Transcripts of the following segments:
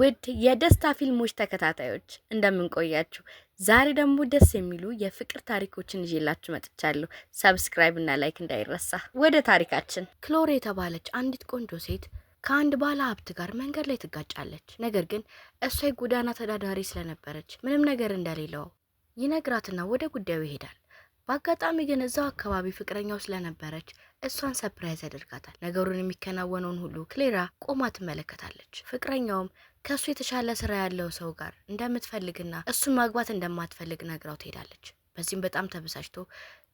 ውድ የደስታ ፊልሞች ተከታታዮች እንደምንቆያችሁ፣ ዛሬ ደግሞ ደስ የሚሉ የፍቅር ታሪኮችን ይዤላችሁ መጥቻለሁ። ሰብስክራይብ እና ላይክ እንዳይረሳ። ወደ ታሪካችን ክሎር የተባለች አንዲት ቆንጆ ሴት ከአንድ ባለ ሀብት ጋር መንገድ ላይ ትጋጫለች። ነገር ግን እሷ የጎዳና ተዳዳሪ ስለነበረች ምንም ነገር እንደሌለው ይነግራትና ወደ ጉዳዩ ይሄዳል። በአጋጣሚ ግን እዛው አካባቢ ፍቅረኛው ስለነበረች እሷን ሰፕራይዝ ያደርጋታል። ነገሩን የሚከናወነውን ሁሉ ክሌራ ቆማ ትመለከታለች። ፍቅረኛውም ከእሱ የተሻለ ስራ ያለው ሰው ጋር እንደምትፈልግና እሱን ማግባት እንደማትፈልግ ነግራው ትሄዳለች። በዚህም በጣም ተበሳጭቶ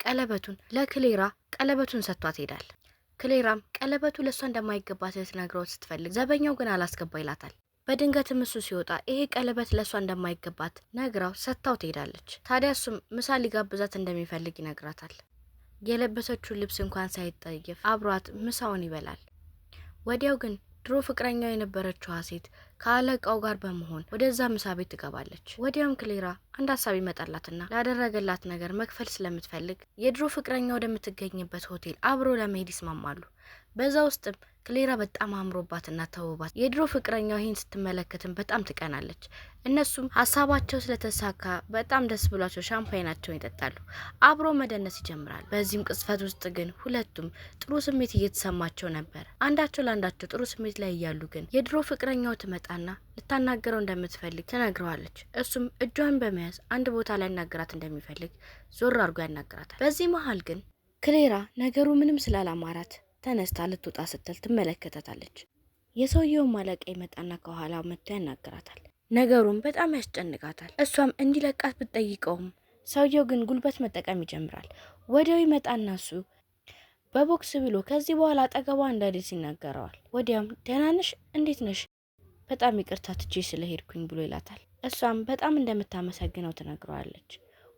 ቀለበቱን ለክሌራ ቀለበቱን ሰጥቷት ትሄዳል። ክሌራም ቀለበቱ ለእሷ እንደማይገባት ልትነግረው ስትፈልግ ዘበኛው ግን አላስገባ ይላታል። በድንገትም እሱ ሲወጣ ይሄ ቀለበት ለእሷ እንደማይገባት ነግራው ሰጥታው ትሄዳለች። ታዲያ እሱም ምሳ ሊጋብዛት እንደሚፈልግ ይነግራታል። የለበሰችው ልብስ እንኳን ሳይጠየፍ አብሯት ምሳውን ይበላል። ወዲያው ግን ድሮ ፍቅረኛው የነበረችው ሴት ከአለቃው ጋር በመሆን ወደዛ ምሳ ቤት ትገባለች። ወዲያውም ክሌራ አንድ ሀሳብ ይመጣላትና ላደረገላት ነገር መክፈል ስለምትፈልግ የድሮ ፍቅረኛ ወደምትገኝበት ሆቴል አብሮ ለመሄድ ይስማማሉ። በዛ ውስጥም ክሌራ በጣም አምሮባትና ተውባት የድሮ ፍቅረኛው ይህን ስትመለከትም በጣም ትቀናለች። እነሱም ሀሳባቸው ስለተሳካ በጣም ደስ ብሏቸው ሻምፓይናቸውን ይጠጣሉ፣ አብሮ መደነስ ይጀምራሉ። በዚህም ቅጽፈት ውስጥ ግን ሁለቱም ጥሩ ስሜት እየተሰማቸው ነበር። አንዳቸው ለአንዳቸው ጥሩ ስሜት ላይ እያሉ ግን የድሮ ፍቅረኛው ትመጣና ልታናገረው እንደምትፈልግ ትነግረዋለች። እሱም እጇን በመያዝ አንድ ቦታ ሊያናግራት እንደሚፈልግ ዞር አድርጎ ያናግራታል። በዚህ መሀል ግን ክሌራ ነገሩ ምንም ስላላማራት ተነስታ ልትወጣ ስትል ትመለከታታለች። የሰውየው ማለቃ ይመጣና ከኋላ መጥቶ ያናግራታል። ነገሩን በጣም ያስጨንቃታል። እሷም እንዲለቃት ብትጠይቀውም ሰውየው ግን ጉልበት መጠቀም ይጀምራል። ወዲያው ይመጣና እሱ በቦክስ ብሎ ከዚህ በኋላ አጠገቧ እንዳይደርስ ይናገረዋል። ወዲያም ደህና ነሽ? እንዴት ነሽ? በጣም ይቅርታ ትቼ ስለሄድኩኝ ብሎ ይላታል። እሷም በጣም እንደምታመሰግነው ትነግረዋለች።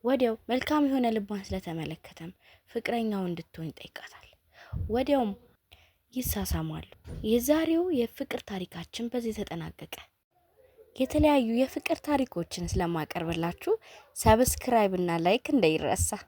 ወዲያው መልካም የሆነ ልቧን ስለተመለከተም ፍቅረኛው እንድትሆን ይጠይቃታል። ወዲያውም ይሳሳማሉ። የዛሬው የፍቅር ታሪካችን በዚህ ተጠናቀቀ። የተለያዩ የፍቅር ታሪኮችን ስለማቀርብላችሁ ሰብስክራይብ እና ላይክ እንዳይረሳ።